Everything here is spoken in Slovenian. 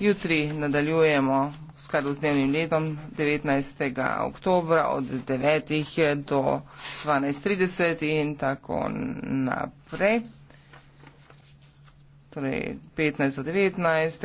Jutri nadaljujemo v skladu z dnevnim letom 19. oktobra od 9. do 12.30 in tako naprej. Torej 15. do 19.